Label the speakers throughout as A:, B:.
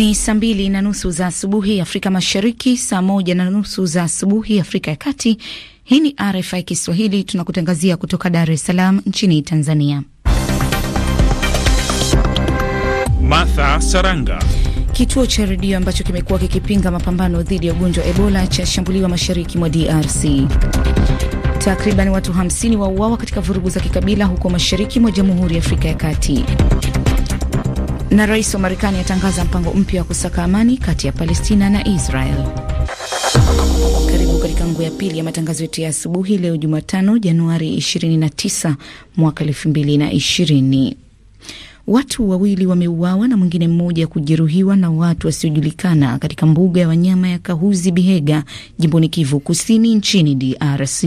A: Ni saa mbili na nusu za asubuhi Afrika Mashariki, saa moja na nusu za asubuhi Afrika ya Kati. Hii ni RFI Kiswahili, tunakutangazia kutoka Dar es Salaam nchini Tanzania.
B: Martha Saranga.
A: Kituo cha redio ambacho kimekuwa kikipinga mapambano dhidi ya ugonjwa Ebola cha shambuliwa mashariki mwa DRC. Takriban watu 50 wauawa katika vurugu za kikabila huko mashariki mwa Jamhuri ya Afrika ya Kati na rais wa Marekani atangaza mpango mpya wa kusaka amani kati ya Palestina na Israel. Karibu katika nguo ya pili ya matangazo yetu ya asubuhi leo Jumatano, Januari 29 mwaka 2020. Watu wawili wameuawa na mwingine mmoja kujeruhiwa na watu wasiojulikana katika mbuga ya wanyama ya Kahuzi Bihega jimboni Kivu Kusini nchini DRC.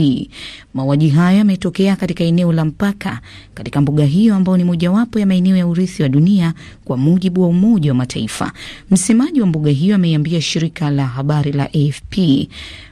A: Mauaji hayo yametokea katika eneo la mpaka katika mbuga hiyo ambayo ni mojawapo ya maeneo ya urithi wa dunia kwa mujibu wa Umoja wa Mataifa. Msemaji wa mbuga hiyo ameiambia shirika la habari la AFP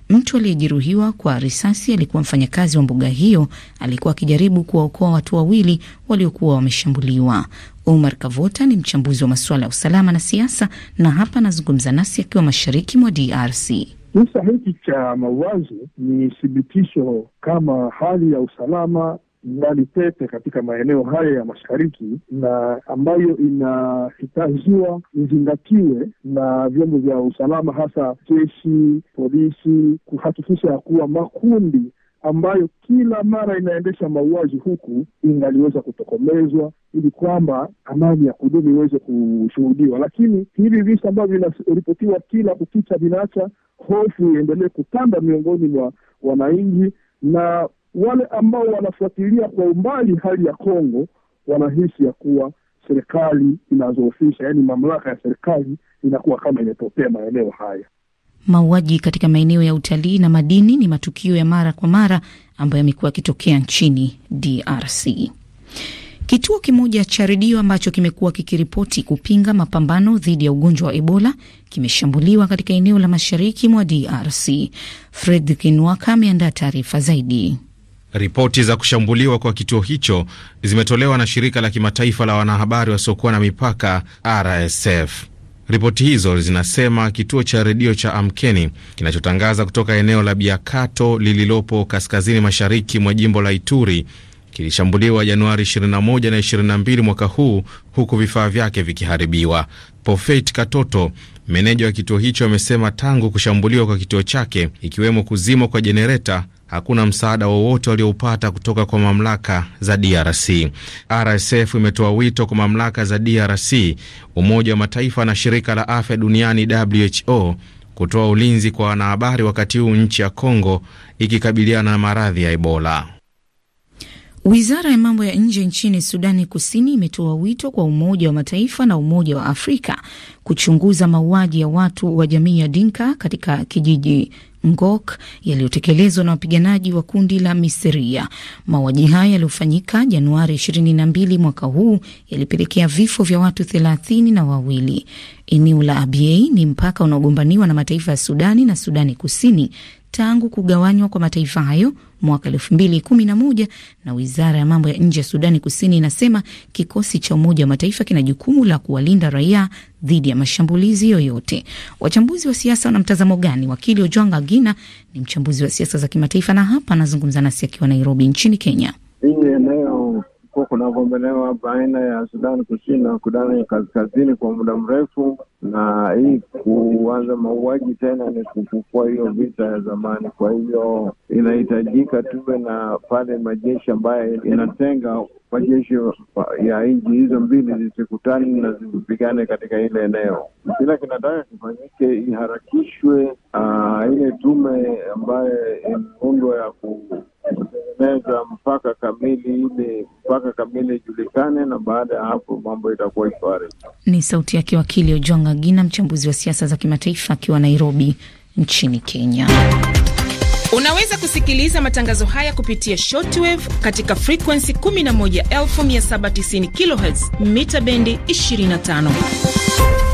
A: mtu aliyejeruhiwa kwa risasi alikuwa mfanyakazi wa mbuga hiyo, alikuwa akijaribu kuwaokoa watu wawili waliokuwa wameshambuliwa. Omar Kavota ni mchambuzi wa masuala ya usalama na siasa, na hapa anazungumza nasi akiwa mashariki mwa DRC.
B: Kisa hiki cha mauaji ni thibitisho kama hali ya usalama ndani tete katika maeneo haya ya mashariki na ambayo inahitajiwa izingatiwe na vyombo vya usalama, hasa jeshi, polisi, kuhakikisha ya kuwa makundi ambayo kila mara inaendesha mauaji huku ingaliweza kutokomezwa ili kwamba amani ya kudumu iweze kushuhudiwa. Lakini hivi visa ambavyo vinaripotiwa kila kukicha vinaacha hofu iendelee kutanda miongoni mwa wananchi, na wale ambao wanafuatilia kwa umbali hali ya Kongo wanahisi ya kuwa serikali inazoofisha, yaani mamlaka ya serikali inakuwa kama imepotea maeneo haya.
A: Mauaji katika maeneo ya utalii na madini ni matukio ya mara kwa mara ambayo yamekuwa yakitokea nchini DRC. Kituo kimoja cha redio ambacho kimekuwa kikiripoti kupinga mapambano dhidi ya ugonjwa wa Ebola kimeshambuliwa katika eneo la mashariki mwa DRC. Fred Kinwaka ameandaa taarifa zaidi.
C: Ripoti za kushambuliwa kwa kituo hicho zimetolewa na shirika la kimataifa la wanahabari wasiokuwa na mipaka RSF. Ripoti hizo zinasema kituo cha redio cha Amkeni kinachotangaza kutoka eneo la Biakato lililopo kaskazini mashariki mwa jimbo la Ituri kilishambuliwa Januari 21 na 22 mwaka huu huku vifaa vyake vikiharibiwa. Pofet Katoto, meneja wa kituo hicho, amesema tangu kushambuliwa kwa kituo chake, ikiwemo kuzimwa kwa jenereta, hakuna msaada wowote walioupata kutoka kwa mamlaka za DRC. RSF imetoa wito kwa mamlaka za DRC, Umoja wa Mataifa na shirika la afya duniani WHO kutoa ulinzi kwa wanahabari wakati huu nchi ya Kongo ikikabiliana na maradhi ya Ebola.
A: Wizara ya mambo ya nje nchini Sudani Kusini imetoa wito kwa Umoja wa Mataifa na Umoja wa Afrika kuchunguza mauaji ya watu wa jamii ya Dinka katika kijiji Ngok yaliyotekelezwa na wapiganaji wa kundi la Miseria. Mauaji haya yaliyofanyika Januari 22 mwaka huu yalipelekea vifo vya watu thelathini na wawili. Eneo la Abyei ni mpaka unaogombaniwa na mataifa ya Sudani na Sudani Kusini tangu kugawanywa kwa mataifa hayo mwaka kumi na wizara ya mambo ya nje ya Sudani Kusini inasema kikosi cha Umoja wa Mataifa kina jukumu la kuwalinda raia dhidi ya mashambulizi yoyote. Wachambuzi wa siasa wana mtazamo gani? Wakili Ojwanga Gina ni mchambuzi wa siasa za kimataifa na hapa anazungumza nasi akiwa Nairobi nchini Kenya
B: kulikuwa kuna gombelewa baina ya Sudani Kusini na Sudani Kaskazini kwa muda mrefu, na hii kuanza mauaji tena ni kufufua hiyo vita ya zamani. Kwa hivyo inahitajika tuwe na pale majeshi ambayo inatenga majeshi ya nchi hizo mbili zisikutani na zipigane katika ile eneo. Kila kinataka kifanyike, iharakishwe ah, ile tume ambayo imeundwa ya kutengeneza mpaka kamili ili mpaka kamili ijulikane, na baada ya hapo mambo itakuwa shwari.
A: Ni sauti yake wakili Ojwang Agina, mchambuzi wa siasa za kimataifa akiwa Nairobi nchini Kenya. Unaweza kusikiliza matangazo haya kupitia shortwave katika frequency 11790 kHz mita bendi 25.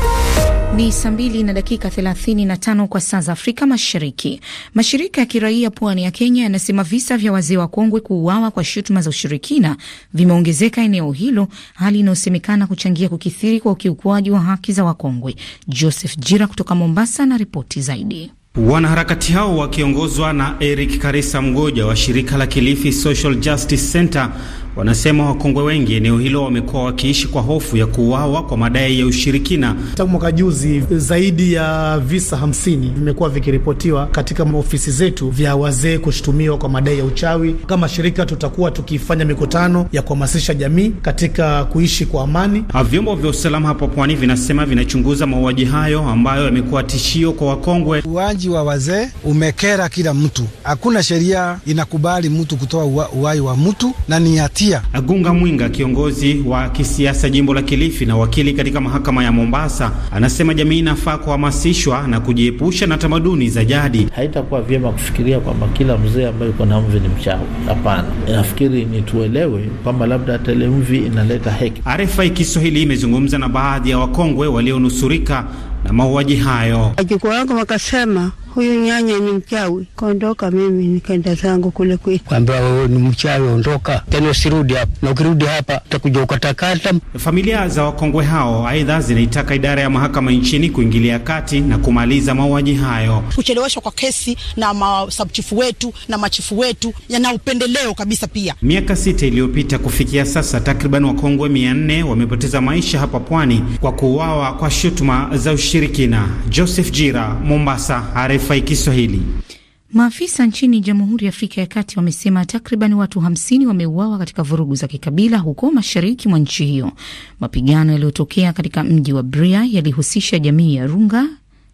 A: Ni saa mbili na dakika 35 kwa saa za Afrika Mashariki. Mashirika ya kiraia pwani ya Kenya yanasema visa vya wazee wakongwe kuuawa kwa shutuma za ushirikina vimeongezeka eneo hilo, hali inayosemekana kuchangia kukithiri kwa ukiukwaji wa haki za wakongwe. Joseph Jira kutoka Mombasa na ripoti zaidi.
D: Wanaharakati hao wakiongozwa na Eric Karisa Mgoja wa shirika la Kilifi Social Justice Center Wanasema wakongwe wengi eneo hilo wamekuwa wakiishi kwa hofu ya kuuawa kwa madai ya ushirikina. Tangu mwaka juzi, zaidi ya visa hamsini vimekuwa vikiripotiwa katika ofisi zetu vya wazee kushutumiwa kwa madai ya uchawi. Kama shirika, tutakuwa tukifanya mikutano ya kuhamasisha jamii katika kuishi kwa amani. Vyombo vya usalama hapo pwani vinasema vinachunguza mauaji hayo ambayo yamekuwa tishio kwa wakongwe. uwaji wa wazee umekera kila mtu, hakuna sheria inakubali mtu kutoa uhai wa mtu na ni hatia kukimbia. Agunga Mwinga, kiongozi wa kisiasa jimbo la Kilifi na wakili katika mahakama ya Mombasa, anasema jamii inafaa kuhamasishwa na kujiepusha na tamaduni za jadi. Haitakuwa vyema kufikiria
E: kwamba kila mzee ambaye uko na mvi ni mchawi. Hapana, nafikiri ni tuelewe kwamba labda hata mvi inaleta heki.
D: RFI Kiswahili imezungumza na baadhi ya wakongwe walionusurika na mauaji hayo.
A: Wajukuu wangu wakasema huyu nyanya ni mchawi, kaondoka. Mimi nikaenda zangu kule kwetu,
D: kwambia wewe ni mchawi, ondoka tena usirudi hapa, na ukirudi hapa utakuja ukatakata. Familia za wakongwe hao aidha zinaitaka idara ya mahakama nchini kuingilia kati na kumaliza mauaji hayo.
A: Kucheleweshwa kwa kesi na masabchifu wetu na machifu wetu yana upendeleo kabisa. Pia
D: miaka sita iliyopita kufikia sasa, takriban wakongwe mia nne wamepoteza maisha hapa pwani kwa kuuawa kwa shutuma za ushirikina. Joseph Jira, Mombasa, RFI. RFI Kiswahili.
A: Maafisa nchini Jamhuri ya Afrika ya Kati wamesema takriban watu hamsini wameuawa katika vurugu za kikabila huko mashariki mwa nchi hiyo. Mapigano yaliyotokea katika mji wa Bria yalihusisha jamii ya Runga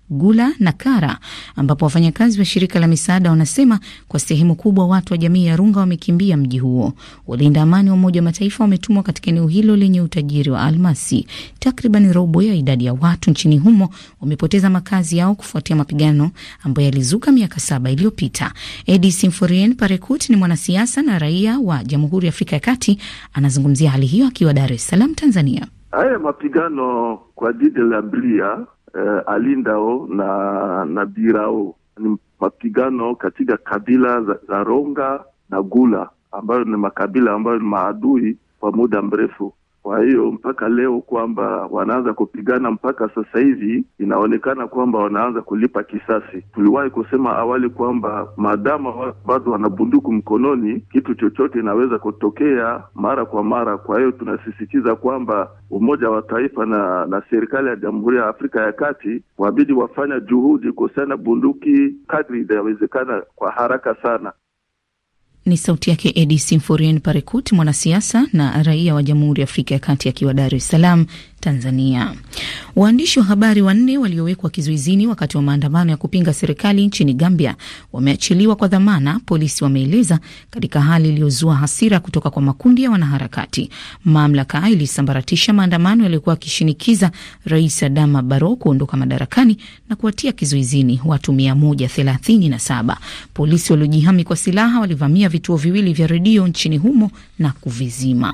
A: Gula na Kara ambapo wafanyakazi wa shirika la misaada wanasema kwa sehemu kubwa watu wa jamii ya Runga wamekimbia mji huo. Walinda amani wa Umoja wa Mataifa wametumwa katika eneo hilo lenye utajiri wa almasi. Takriban robo ya idadi ya watu nchini humo wamepoteza makazi yao kufuatia mapigano ambayo yalizuka miaka saba iliyopita. Edi Simforien Parekut ni mwanasiasa na raia wa Jamhuri ya Afrika ya Kati, anazungumzia hali hiyo akiwa Dar es Salaam, Tanzania.
B: Haya mapigano kwa jiji la Bria uh, eh, alindao na na birao. Ni mapigano katika kabila za Ronga na Gula ambayo ni makabila ambayo ni maadui kwa muda mrefu. Kwa hiyo mpaka leo kwamba wanaanza kupigana mpaka sasa hivi inaonekana kwamba wanaanza kulipa kisasi. Tuliwahi kusema awali kwamba maadama bado wana bunduku mkononi, kitu chochote inaweza kutokea mara kwa mara. Kwa hiyo tunasisitiza kwamba Umoja wa Taifa na, na serikali ya Jamhuri ya Afrika ya Kati wabidi wafanya juhudi kusana bunduki kadri inawezekana kwa haraka
F: sana.
A: Ni sauti yake Edi Simforien Parekut, mwanasiasa na raia wa Jamhuri ya Afrika ya Kati, akiwa Dar es Salaam Tanzania. Waandishi wa habari wanne waliowekwa kizuizini wakati wa maandamano ya kupinga serikali nchini Gambia wameachiliwa kwa dhamana, polisi wameeleza, katika hali iliyozua hasira kutoka kwa makundi ya wanaharakati. Mamlaka ilisambaratisha maandamano yaliyokuwa yakishinikiza Rais Adama Barrow kuondoka madarakani na kuwatia kizuizini watu 137. Polisi waliojihami kwa silaha walivamia vituo viwili vya redio nchini humo na kuvizima.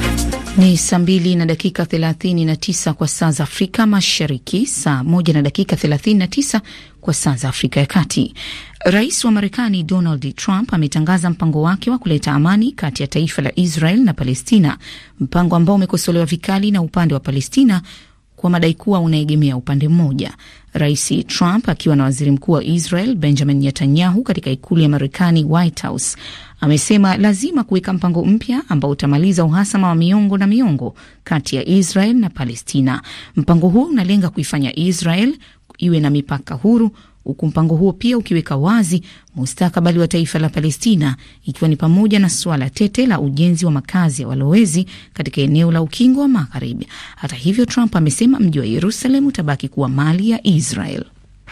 A: Ni saa mbili na dakika 39 kwa saa za Afrika Mashariki, saa moja na dakika 39 kwa saa za Afrika ya Kati. Rais wa Marekani Donald Trump ametangaza mpango wake wa kuleta amani kati ya taifa la Israel na Palestina, mpango ambao umekosolewa vikali na upande wa Palestina kwa madai kuwa unaegemea upande mmoja. Rais Trump akiwa na waziri mkuu wa Israel Benjamin Netanyahu katika ikulu ya Marekani, White House, amesema lazima kuweka mpango mpya ambao utamaliza uhasama wa miongo na miongo kati ya Israel na Palestina. Mpango huo unalenga kuifanya Israel iwe na mipaka huru huku mpango huo pia ukiweka wazi mustakabali wa taifa la Palestina, ikiwa ni pamoja na suala tete la ujenzi wa makazi ya walowezi katika eneo la ukingo wa Magharibi. Hata hivyo, Trump amesema mji wa Yerusalem utabaki kuwa mali ya Israel.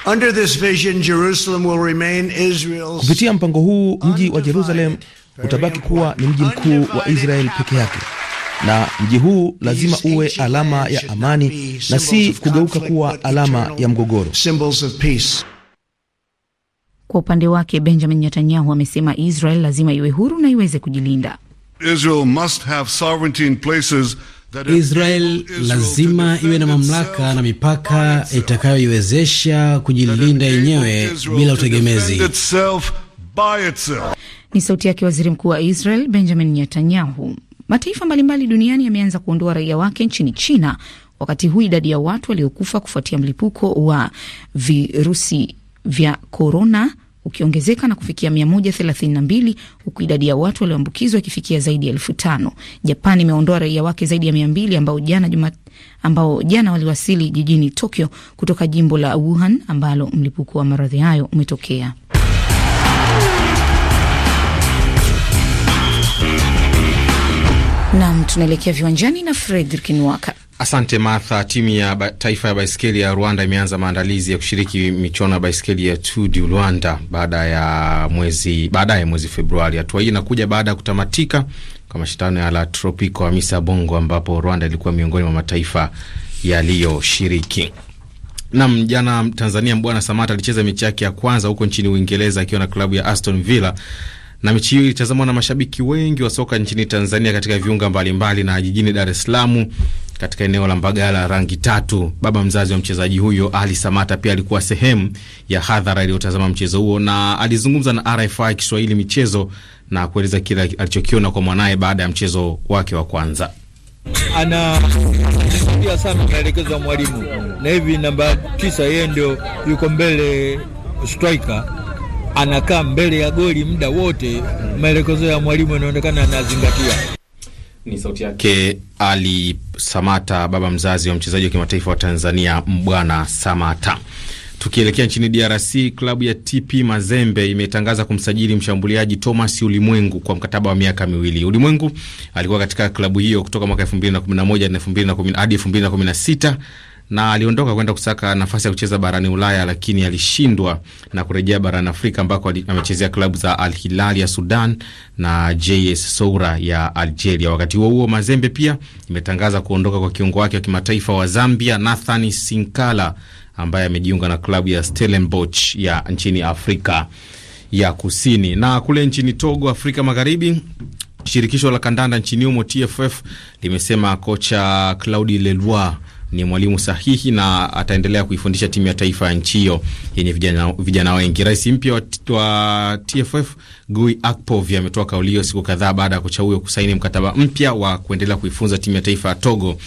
E: Under this vision, Jerusalem will remain Israel's.
A: Kupitia mpango huu mji wa Jerusalem utabaki kuwa ni mji mkuu wa Israel
E: peke yake, na mji huu lazima uwe alama ya amani na si kugeuka kuwa alama ya mgogoro.
A: Kwa upande wake Benjamin Netanyahu amesema Israel lazima iwe huru na iweze kujilinda.
E: Israel must
B: have sovereignty in places Israel
E: lazima iwe na mamlaka na mipaka itakayoiwezesha kujilinda yenyewe bila utegemezi.
A: Ni sauti yake waziri mkuu wa Israel Benjamin Netanyahu. Mataifa mbalimbali duniani yameanza kuondoa raia wake nchini China, wakati huu idadi ya watu waliokufa kufuatia mlipuko wa virusi vya korona ukiongezeka na kufikia 132 huku idadi ya watu walioambukizwa ikifikia zaidi ya elfu tano. Japan imeondoa raia wake zaidi ya 200 ambao jana juma, ambao jana waliwasili jijini Tokyo kutoka jimbo la Wuhan ambalo mlipuko wa maradhi hayo umetokea. Nam, tunaelekea viwanjani na Fredrik Nwaka.
C: Asante Martha. Timu ya ba, taifa ya baiskeli ya Rwanda imeanza maandalizi ya kushiriki michuano ya baiskeli ya Tour du Rwanda baada ya mwezi baadaye mwezi Februari. Hatua hii inakuja baada ya kutamatika kwa mashindano ya La Tropico Amisa Bongo, ambapo Rwanda ilikuwa miongoni mwa mataifa yaliyoshiriki. Nam, jana Tanzania Mbwana Samata alicheza mechi yake ya kwanza huko nchini Uingereza akiwa na klabu ya Aston Villa na mechi hiyo ilitazamwa na mashabiki wengi wa soka nchini Tanzania katika viunga mbalimbali mbali na jijini Dar es Salaam katika eneo la Mbagala rangi tatu. Baba mzazi wa mchezaji huyo Ali Samata pia alikuwa sehemu ya hadhara iliyotazama mchezo huo, na alizungumza na RFI Kiswahili michezo na kueleza kile alichokiona kwa mwanaye baada ya mchezo wake wa kwanza.
F: Anajisikia sana maelekezo ya mwalimu,
G: na hivi namba tisa yeye ndio yuko mbele striker anakaa mbele ya goli muda wote, maelekezo ya mwalimu yanaonekana anazingatia.
C: Ni sauti yake Ali Samata, baba mzazi wa mchezaji wa kimataifa wa Tanzania Mbwana Samata. Tukielekea nchini DRC, klabu ya TP Mazembe imetangaza kumsajili mshambuliaji Thomas Ulimwengu kwa mkataba wa miaka miwili. Ulimwengu alikuwa katika klabu hiyo kutoka mwaka 2011 hadi 2016 na aliondoka kwenda kusaka nafasi ya kucheza barani Ulaya, lakini alishindwa na kurejea barani Afrika ambako amechezea klabu za Al Hilal ya Sudan na JS Soura ya Algeria. Wakati huo huo, Mazembe pia imetangaza kuondoka kwa kiungo wake wa kimataifa wa Zambia Nathan Sinkala ambaye amejiunga na klabu ya Stellenbosch ya nchini Afrika ya Kusini. Na kule nchini Togo, Afrika Magharibi, shirikisho la kandanda nchini humo TFF limesema kocha Claudi Leloir ni mwalimu sahihi na ataendelea kuifundisha timu ya taifa ya nchi hiyo yenye vijana, vijana wengi. Rais mpya wa TFF Gui Akpov ametoa kauli hiyo siku kadhaa baada ya kocha huyo kusaini mkataba mpya wa kuendelea kuifunza timu ya taifa ya Togo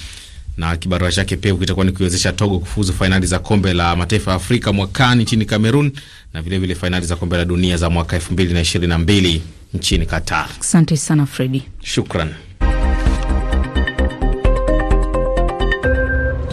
C: na kibarua chake pevu kitakuwa ni kuiwezesha Togo kufuzu fainali za kombe la mataifa ya Afrika mwakani nchini Cameroon na vilevile fainali za kombe la dunia za mwaka elfu mbili na ishirini na mbili nchini Qatar.
A: Asante sana Fredi, shukran.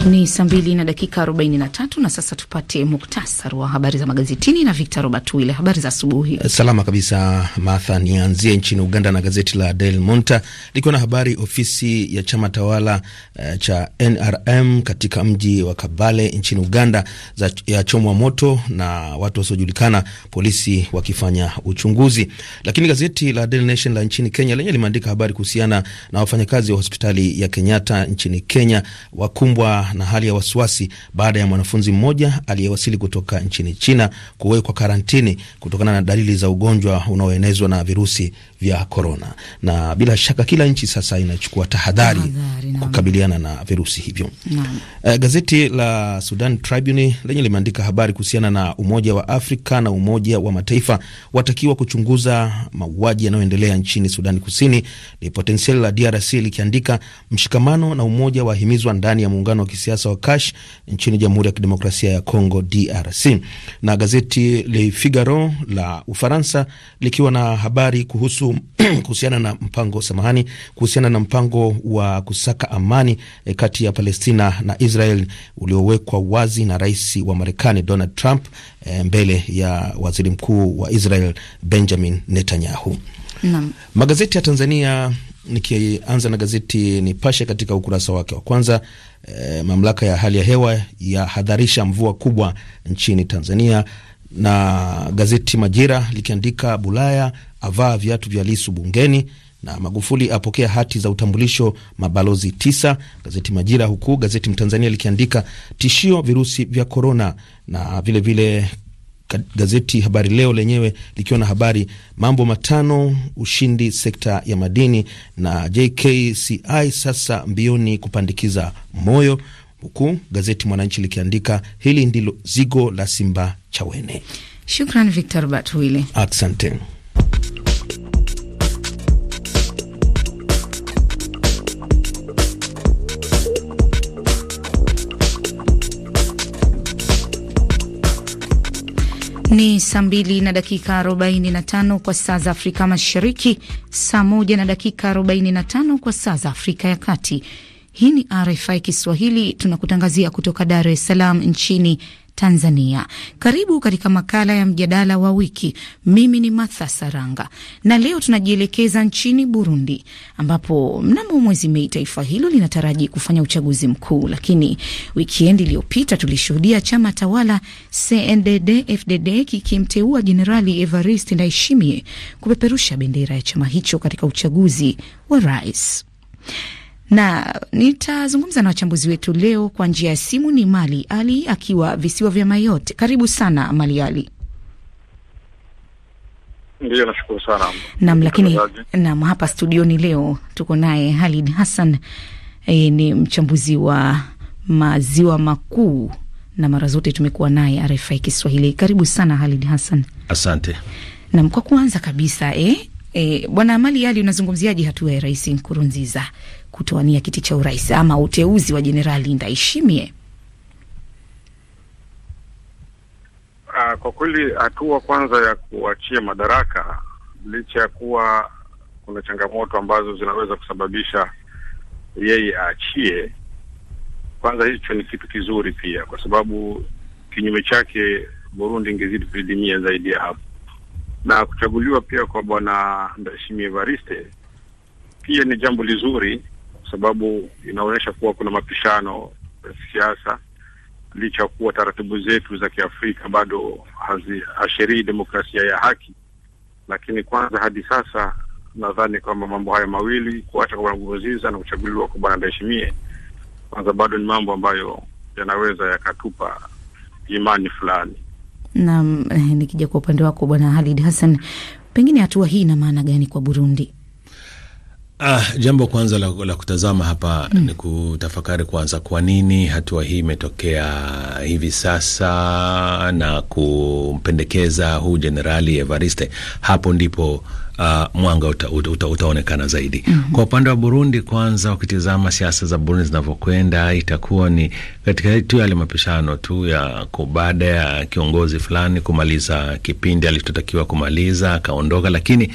A: Ni saa mbili na dakika 43 na sasa tupate muktasari wa habari za magazetini na Victor Robert Wile. Habari za asubuhi. Eh,
E: salama kabisa Martha, nianzie nchini Uganda na gazeti la Del Monta likiwa na habari ofisi ya chama tawala uh, cha NRM katika mji wa Kabale nchini Uganda za ya chomwa moto na watu wasiojulikana, polisi wakifanya uchunguzi. Lakini gazeti la Del Nation la nchini Kenya lenye limeandika habari kuhusiana na wafanyakazi wa hospitali ya Kenyatta nchini Kenya wakumbwa na hali ya wasiwasi baada ya mwanafunzi mmoja aliyewasili kutoka nchini China kuwekwa karantini kutokana na dalili za ugonjwa unaoenezwa na virusi vya korona, na bila shaka kila nchi sasa inachukua tahadhari kukabiliana na virusi hivyo. Uh, gazeti la Sudan Tribune lenye limeandika habari kuhusiana na Umoja wa Afrika na Umoja wa Mataifa watakiwa kuchunguza mauaji yanayoendelea nchini Sudan Kusini. Le Potentiel la DRC likiandika mshikamano na umoja wahimizwa ndani ya muungano wa kisiasa wa Kash nchini Jamhuri ya Kidemokrasia ya congo DRC, na gazeti Le Figaro la Ufaransa likiwa na habari kuhusu kuhusiana na mpango samahani, kuhusiana na mpango wa kusaka amani e, kati ya Palestina na Israel uliowekwa wazi na rais wa Marekani Donald Trump e, mbele ya waziri mkuu wa Israel Benjamin Netanyahu. na Magazeti ya Tanzania nikianza na gazeti Nipashe katika ukurasa wake wa kwanza e, mamlaka ya hali ya hewa yahadharisha mvua kubwa nchini Tanzania, na gazeti Majira likiandika Bulaya avaa viatu vya Lisu bungeni na Magufuli apokea hati za utambulisho mabalozi tisa. Gazeti Majira, huku gazeti Mtanzania likiandika tishio virusi vya korona, na vilevile vile gazeti Habari Leo lenyewe likiwa na habari mambo matano ushindi sekta ya madini, na JKCI sasa mbioni kupandikiza moyo, huku gazeti Mwananchi likiandika hili ndilo zigo la Simba Chawene.
A: Shukran Victor Batwile, asante. Ni saa mbili na dakika arobaini na tano kwa saa za Afrika Mashariki, saa moja na dakika arobaini na tano kwa saa za Afrika ya Kati. Hii ni RFI Kiswahili, tunakutangazia kutoka Dar es Salaam nchini Tanzania. Karibu katika makala ya mjadala wa wiki. Mimi ni Martha Saranga na leo tunajielekeza nchini Burundi, ambapo mnamo mwezi Mei taifa hilo linataraji kufanya uchaguzi mkuu, lakini wikiendi iliyopita tulishuhudia chama tawala CNDD-FDD kikimteua Jenerali Evariste Ndayishimiye kupeperusha bendera ya chama hicho katika uchaguzi wa rais na nitazungumza na wachambuzi wetu leo kwa njia ya simu. Ni Mali Ali akiwa visiwa vya Mayotte. Karibu sana Mali Ali.
B: Ndiyo, nashukuru sana
A: nam. Lakini nam, hapa studioni leo tuko naye Halid Hassan e, ni mchambuzi wa maziwa makuu na mara zote tumekuwa naye RFI Kiswahili. Karibu sana Halid Hassan. Asante nam. Kwa kuanza kabisa, eh, e, Bwana Mali Ali, unazungumziaje hatua ya Rais Nkurunziza kutowania kiti cha urais ama uteuzi wa Jenerali Ndaishimie?
B: Uh, kwa kweli hatua kwanza ya kuachia madaraka, licha ya kuwa kuna changamoto ambazo zinaweza kusababisha yeye aachie kwanza, hicho ni kitu kizuri pia, kwa sababu kinyume chake Burundi ingezidi kudidimia zaidi ya hapo. Na kuchaguliwa pia kwa bwana Ndayishimiye Evariste pia ni jambo lizuri, sababu inaonyesha kuwa kuna mapishano ya siasa, licha ya kuwa taratibu zetu za Kiafrika bado haziashirii demokrasia ya haki. Lakini kwanza, hadi sasa nadhani kwamba mambo haya mawili, kuacha kwa bwana na kuchaguliwa kwa bwana Ndayishimiye, kwanza bado ni mambo ambayo yanaweza yakatupa imani fulani.
A: Naam, eh, nikija kwa upande wako bwana Halid Hassan, pengine hatua hii ina maana gani kwa Burundi?
G: Ah, jambo kwanza la, la kutazama hapa mm, ni kutafakari kwanza kwa nini hatua hii imetokea hivi sasa na kumpendekeza huu Jenerali Evariste. Hapo ndipo Uh, mwanga uta, uta, uta, utaonekana zaidi mm -hmm. Kwa upande wa Burundi kwanza, ukitizama siasa za Burundi zinavyokwenda itakuwa ni katika tu yale mapishano tu ya baada ya kiongozi fulani kumaliza kipindi alichotakiwa kumaliza akaondoka, lakini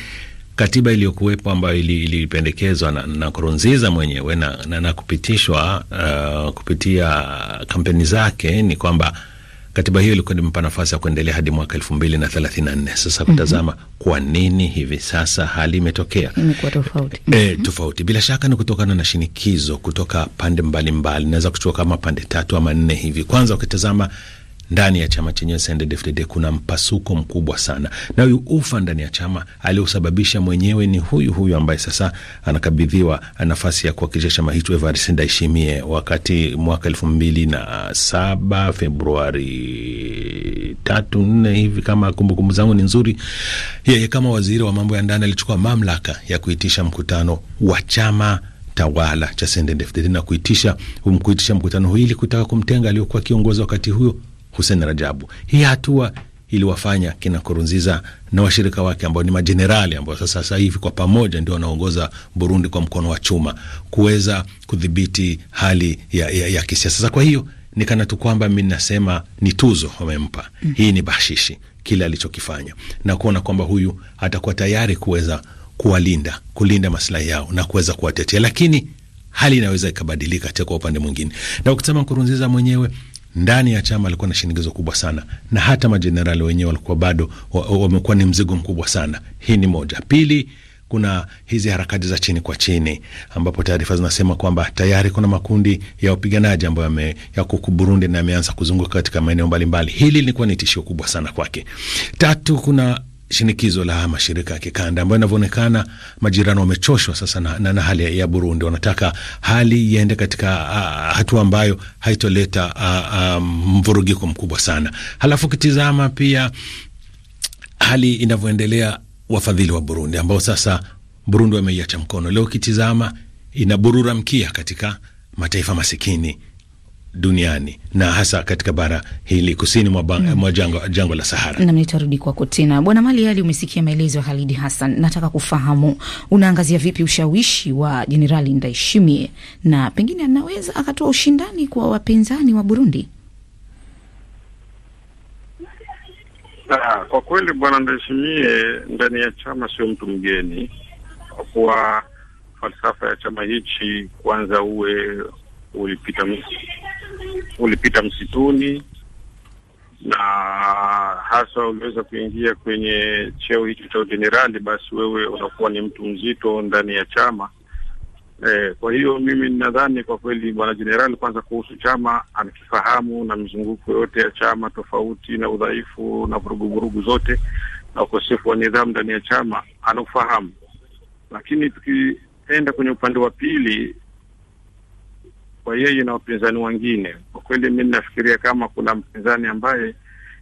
G: katiba iliyokuwepo ambayo ilipendekezwa na kurunziza mwenyewe na, na, na kupitishwa uh, kupitia kampeni zake ni kwamba katiba hiyo ilikuwa imempa nafasi ya kuendelea hadi mwaka elfu mbili na thelathini na nne. Sasa kutazama mhm. mm -hmm. kwa nini hivi sasa hali imetokea
A: imekuwa tofauti
G: e, -hmm. tofauti bila shaka ni kutokana na shinikizo kutoka pande mbalimbali, naweza kuchukua kama pande tatu ama nne hivi. Kwanza ukitazama ndani ya chama chenyewe CNDD-FDD kuna mpasuko mkubwa sana, na huyu ufa ndani ya chama aliosababisha mwenyewe ni huyu huyu ambaye sasa anakabidhiwa nafasi ya kuwakilisha chama hicho, Evariste Ndayishimiye. Wakati mwaka elfu mbili na saba Februari tatu nne hivi, kama kumbukumbu zangu ni nzuri, yeye kama waziri wa mambo ya ndani alichukua mamlaka ya kuitisha mkutano wa chama tawala cha CNDD-FDD na kuitisha kuitisha mkutano huu ili kutaka kumtenga aliyokuwa kiongozi wakati huyo Hussein Rajabu. Hii hatua iliwafanya kina Kurunziza na washirika wake ambao ni majenerali ambao sasa sasa hivi kwa pamoja ndio wanaongoza Burundi kwa mkono wa chuma kuweza kudhibiti hali ya, ya, ya kisiasa. Sasa kwa hiyo nikana tu kwamba mi nasema ni tuzo wamempa. mm -hmm. Hii ni bashishi kile alichokifanya na kuona kwamba huyu atakuwa tayari kuweza kuwalinda, kulinda maslahi yao na kuweza kuwatetea, lakini hali inaweza ikabadilika kwa upande mwingine, na ukisema Kurunziza mwenyewe ndani ya chama alikuwa na shinikizo kubwa sana, na hata majenerali wenyewe walikuwa bado wamekuwa ni mzigo mkubwa sana. Hii ni moja. Pili, kuna hizi harakati za chini kwa chini, ambapo taarifa zinasema kwamba tayari kuna makundi ya wapiganaji ambayo yako Burundi na yameanza kuzunguka katika maeneo mbalimbali. Hili lilikuwa ni tishio kubwa sana kwake. Tatu, kuna shinikizo la mashirika ya kikanda ambayo inavyoonekana majirani wamechoshwa sasa na, na, na hali ya Burundi. Wanataka hali iende katika uh, hatua ambayo haitoleta uh, uh, mvurugiko mkubwa sana. Halafu ukitizama pia hali inavyoendelea, wafadhili wa Burundi ambao sasa Burundi wameiacha mkono, leo ukitizama inaburura mkia katika mataifa masikini duniani na hasa katika bara hili kusini mwa mm. jangwa la Sahara.
A: Nam, nitarudi kwako tena Bwana Mali Ali. Umesikia maelezo ya Halidi Hassan, nataka kufahamu unaangazia vipi ushawishi wa Jenerali Ndaishimie na pengine anaweza akatoa ushindani kwa wapinzani wa Burundi?
B: Na, kwa kweli Bwana Ndaishimie ndani ya chama sio mtu mgeni, kwa kuwa falsafa ya chama hichi kwanza uwe ulipita ulipita msituni na haswa uliweza kuingia kwenye cheo hicho cha ujenerali, basi wewe unakuwa ni mtu mzito ndani ya chama eh. Kwa hiyo mimi ninadhani kwa kweli bwana jenerali, kwanza kuhusu chama anakifahamu, na mizunguko yote ya chama tofauti na udhaifu na vuruguvurugu zote na ukosefu wa nidhamu ndani ya chama anaufahamu, lakini tukienda kwenye upande wa pili kwa yeye na wapinzani wengine kweli, mi nafikiria kama kuna mpinzani ambaye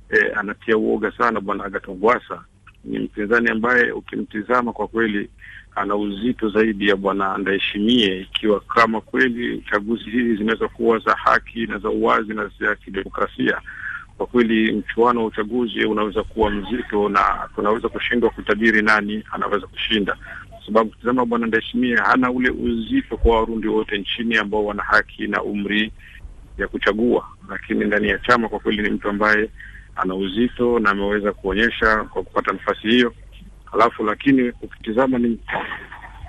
B: e, anatia uoga sana bwana Agathon Gwasa. Ni mpinzani ambaye ukimtizama kwa kweli ana uzito zaidi ya bwana andaheshimie ikiwa kama kweli chaguzi hizi zinaweza kuwa za haki na za uwazi na za kidemokrasia. Kwa kweli mchuano wa uchaguzi unaweza kuwa mzito na tunaweza kushindwa kutabiri nani anaweza kushinda, kwa sababu tazama, bwana Ndayishimiye hana ule uzito kwa Warundi wote nchini ambao wana haki na umri ya kuchagua, lakini ndani ya chama kwa kweli ni mtu ambaye ana uzito na ameweza kuonyesha kwa kupata nafasi hiyo. Halafu lakini ukitizama ni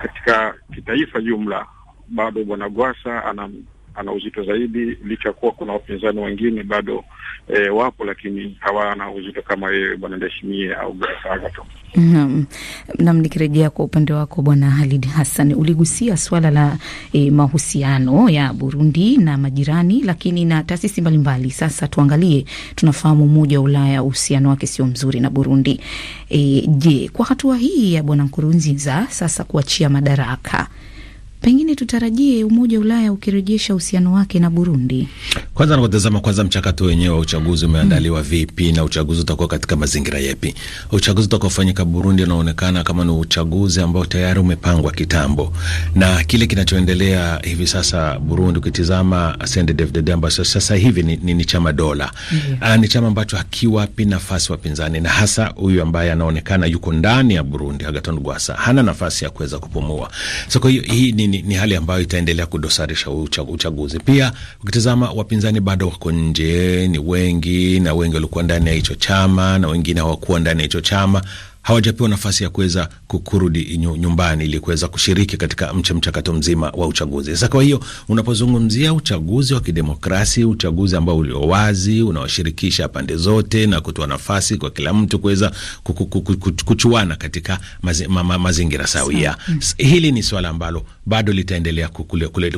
B: katika kitaifa jumla, bado bwana Gwasa ana ana uzito zaidi, licha kuwa kuna wapinzani wengine bado e, wapo, lakini hawana uzito kama yeye bwana Ndeshimie au Agathon.
A: Naam, naam. Nikirejea kwa upande wako bwana Halid Hassan, uligusia swala la e, mahusiano ya Burundi na majirani, lakini na taasisi mbalimbali. Sasa tuangalie, tunafahamu Umoja wa Ulaya uhusiano wake sio mzuri na Burundi. E, je, kwa hatua hii ya bwana Nkurunziza sasa kuachia madaraka Pengine tutarajie Umoja wa Ulaya ukirejesha uhusiano wake na Burundi.
G: Kwanza nakutazama kwanza, mchakato wenyewe wa uchaguzi umeandaliwa mm, vipi na uchaguzi utakuwa katika mazingira yepi? Uchaguzi utakaofanyika Burundi unaonekana kama ni uchaguzi ambao tayari umepangwa kitambo, na kile kinachoendelea hivi sasa Burundi ukitizama CNDD-FDD ambacho sasa hivi ni, ni, ni chama dola yeah, ni chama ambacho hakiwapi nafasi wapinzani, na hasa huyu ambaye anaonekana yuko ndani ya Burundi Agaton Gwasa, hana nafasi ya kuweza kupumua. So kwa hiyo hii ni, ni, ni hali ambayo itaendelea kudosarisha uchaguzi. Pia ukitizama wapinzani upinzani bado wako nje, ni wengi, na wengi walikuwa ndani ya hicho chama na wengine hawakuwa ndani ya hicho chama hawajapewa nafasi ya kuweza kurudi nyumbani ili kuweza kushiriki katika mche mchakato mzima wa uchaguzi. Sasa kwa hiyo unapozungumzia uchaguzi wa kidemokrasi, uchaguzi ambao ulio wazi, unawashirikisha pande zote na kutoa nafasi kwa kila mtu kuweza kuchuana katika mazingira sawia, mm. hili ni swala ambalo bado litaendelea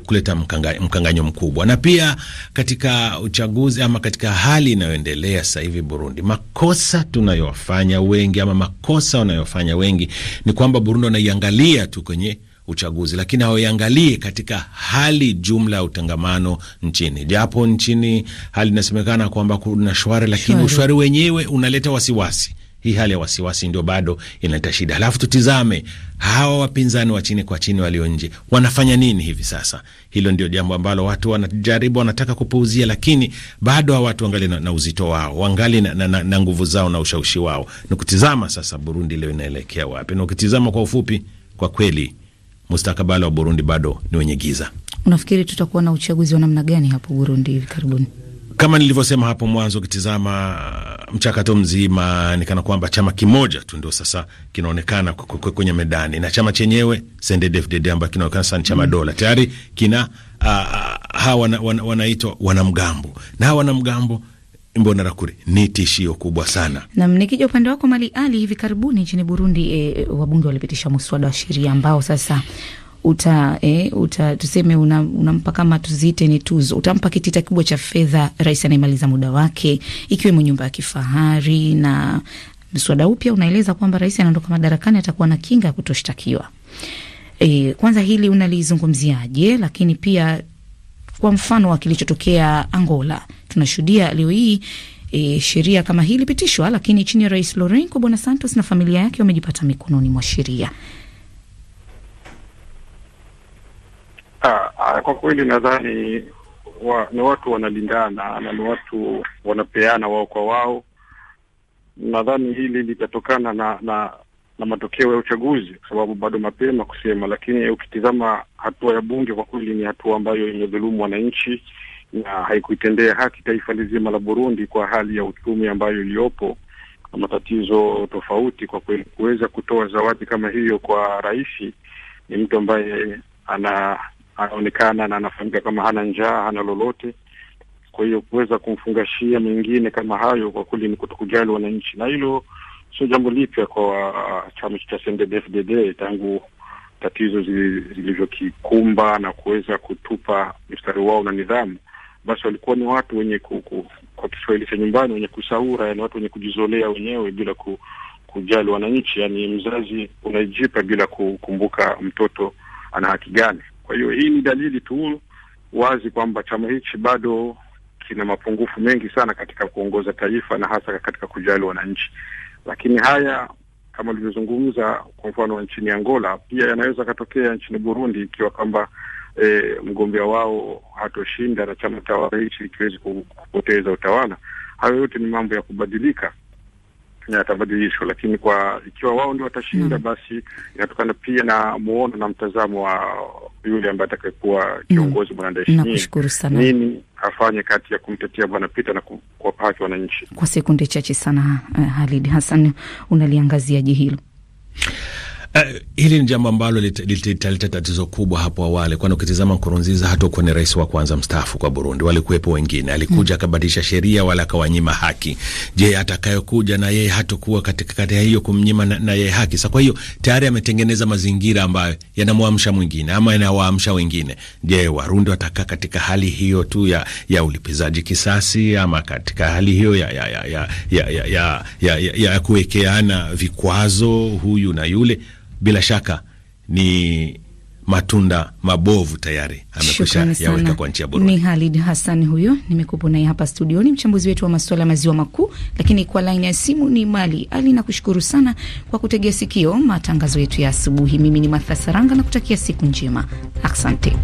G: kuleta mkanganyo mkubwa, na pia katika uchaguzi ama katika hali inayoendelea sasa hivi Burundi, makosa tunayowafanya wengi ama makosa makosa wanayofanya wengi ni kwamba Burundi wanaiangalia tu kwenye uchaguzi lakini hawaiangalie katika hali jumla ya utangamano nchini. Japo nchini hali inasemekana kwamba kuna shwari, lakini ushwari wenyewe unaleta wasiwasi hii hali ya wasiwasi ndio bado inaleta shida. Halafu tutizame hawa wapinzani wa chini kwa chini walio nje wanafanya nini hivi sasa? Hilo ndio jambo ambalo watu wanajaribu, wanataka kupuuzia, lakini bado hawa watu wangali na, na uzito wao, wangali na, na, na, na nguvu zao na ushawishi wao. Nikutizama sasa Burundi leo inaelekea wapi, Nikutizama kwa ufupi, kwa kweli mustakabali wa Burundi bado ni wenye giza.
A: Unafikiri tutakuwa na uchaguzi wa namna gani hapo Burundi hivi karibuni?
G: Kama nilivyosema hapo mwanzo, ukitizama uh, mchakato mzima, nikana kwamba chama kimoja tu ndio sasa kinaonekana kwenye medani, na chama chenyewe CNDD-FDD ambayo kinaonekana sasa ni chama mm. dola tayari kina uh, uh, hawa wanaitwa wanamgambo, na hawa wanamgambo Imbonerakure ni tishio kubwa sana.
A: Nam, nikija upande wako Mali Ali, hivi karibuni nchini Burundi e, wabunge walipitisha muswada wa sheria ambao sasa uta, eh, uta tuseme unampa una, kama tuzite ni tuzo, utampa kitita kikubwa cha fedha rais anayemaliza muda wake, ikiwemo nyumba ya kifahari na mswada upya unaeleza kwamba rais anaondoka madarakani atakuwa na kinga ya kutoshtakiwa. E, kwanza hili unalizungumziaje? Lakini pia kwa mfano wa kilichotokea Angola, tunashuhudia leo hii e, sheria kama hii ilipitishwa, lakini chini ya rais Lourenco Bwana Santos na familia yake wamejipata mikononi mwa sheria.
B: Ah, ah, kwa kweli nadhani wa, ni watu wanalindana na ni watu wanapeana wao kwa wao. Nadhani hili litatokana na na, na matokeo ya uchaguzi, kwa sababu bado mapema kusema, lakini ukitizama hatua ya bunge kwa kweli ni hatua ambayo imedhulumu wananchi na haikuitendea haki taifa lizima la Burundi kwa hali ya uchumi ambayo iliyopo na matatizo tofauti. Kwa kweli kuweza kutoa zawadi kama hiyo kwa rais, ni mtu ambaye ana anaonekana na anafahamika kama hana njaa, hana lolote. Kwa hiyo kuweza kumfungashia mwingine kama hayo, kwa kweli ni kutokujali wananchi, na hilo sio jambo lipya kwa uh, chama cha CNDD-FDD tangu tatizo zilivyokikumba na kuweza kutupa mstari wao na nidhamu, basi walikuwa ni watu wenye kuku, kwa Kiswahili cha nyumbani wenye kusaura, yani watu wenye kujizolea wenyewe bila ku, kujali wananchi, yani mzazi unajipa bila kukumbuka mtoto ana haki gani. Kwa hiyo hii ni dalili tu wazi kwamba chama hichi bado kina mapungufu mengi sana katika kuongoza taifa na hasa katika kujali wananchi. Lakini haya kama ulivyozungumza, kwa mfano nchini Angola, pia yanaweza akatokea nchini Burundi ikiwa kwamba e, mgombea wao hatoshinda na chama tawala hichi ikiwezi kupoteza utawala. Hayo yote ni mambo ya kubadilika yatabadilishwa, lakini kwa ikiwa wao ndio watashinda, mm, basi inatokana pia na muono na mtazamo wa yule ambaye atakayekuwa kiongozi bwana mm. Ndayishimiye, nini afanye kati ya kumtetea bwana Pita na kuwapa
G: haki wananchi.
A: Kwa sekunde chache sana, uh, Halid Hassan, unaliangaziaje hilo?
G: Uh, hili ni jambo ambalo litaleta tatizo kubwa hapo awali, kwani ukitizama Nkurunziza hatakuwa ni rais wa kwanza mstaafu kwa Burundi. Walikuwepo wengine, alikuja hmm. akabadilisha sheria wala akawanyima haki. Je, atakayokuja na yeye hatakuwa katika ya hiyo kumnyima na, na yeye haki? Sasa kwa hiyo tayari ametengeneza mazingira ambayo yanamwamsha mwingine ama yanawaamsha wengine. Je, Warundi watakaa katika hali hiyo tu ya, ya ulipizaji kisasi ama katika hali hiyo ya, ya, ya, ya, ya, ya, ya, ya, ya, ya kuwekeana vikwazo huyu na yule? bila shaka ni matunda mabovu tayari amekwisha yaweka kwa nchi ya Burundi.
A: Ni Halid Hassan huyo, nimekupo naye hapa studioni, mchambuzi wetu wa masuala ya maziwa makuu, lakini kwa laini ya simu ni Mali Ali. Nakushukuru sana kwa kutegea sikio matangazo yetu ya asubuhi. Mimi ni Matha Saranga na kutakia siku njema, asante.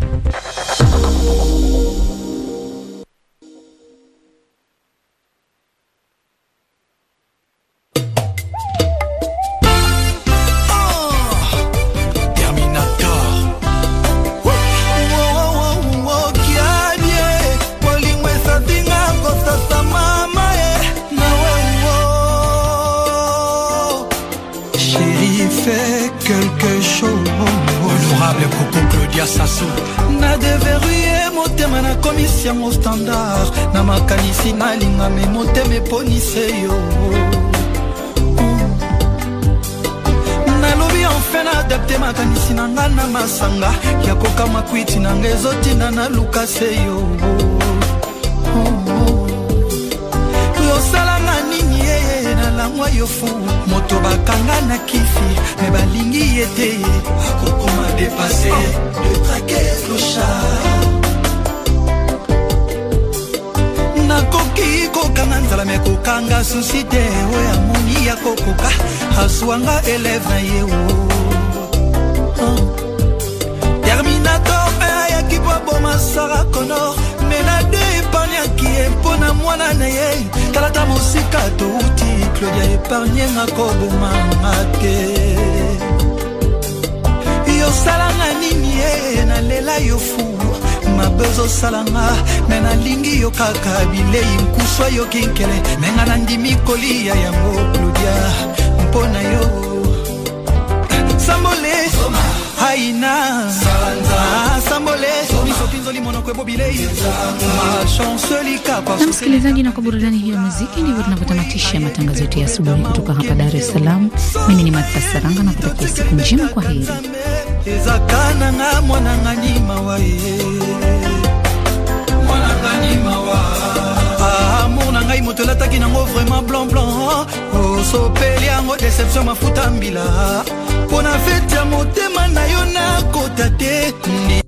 F: quelque chose coco claudia saso nadeverie motema nakomisi yango standard na makanisi nalingame motema eponise yo nalobi enfe na adapte makanisi na ngai na masanga ya kokama kwiti na ngai ezotinda na lukase yo mwa yo fu moto bakanga na kifi me balingi ye te kokoma depase le trake clochard nakoki kokanga nzala me kokanga susi te oyo amoni ya kokoka aswanga eleve na ye o oh. terminator mpe ayaki po aboma sara conor menade epargnaki ye mpo na mwana na ye talata mosika tout ya epargne nga kobomanga te yosalanga nini ye nalela yo fu mabe ozosalanga me nalingi yo kaka bilei nkusu ayoki nkele me nga nandimi kolia yango klodia mpo na yo sambole aina ah, sambole Na msikilizaji,
A: na kwa burudani hiyo muziki, ndivyo tunavyotamatisha matangazo yetu ya asubuhi kutoka hapa Dar es Salaam. Mimi ni Martha Saranga na kutakia siku njema, kwa
F: heri.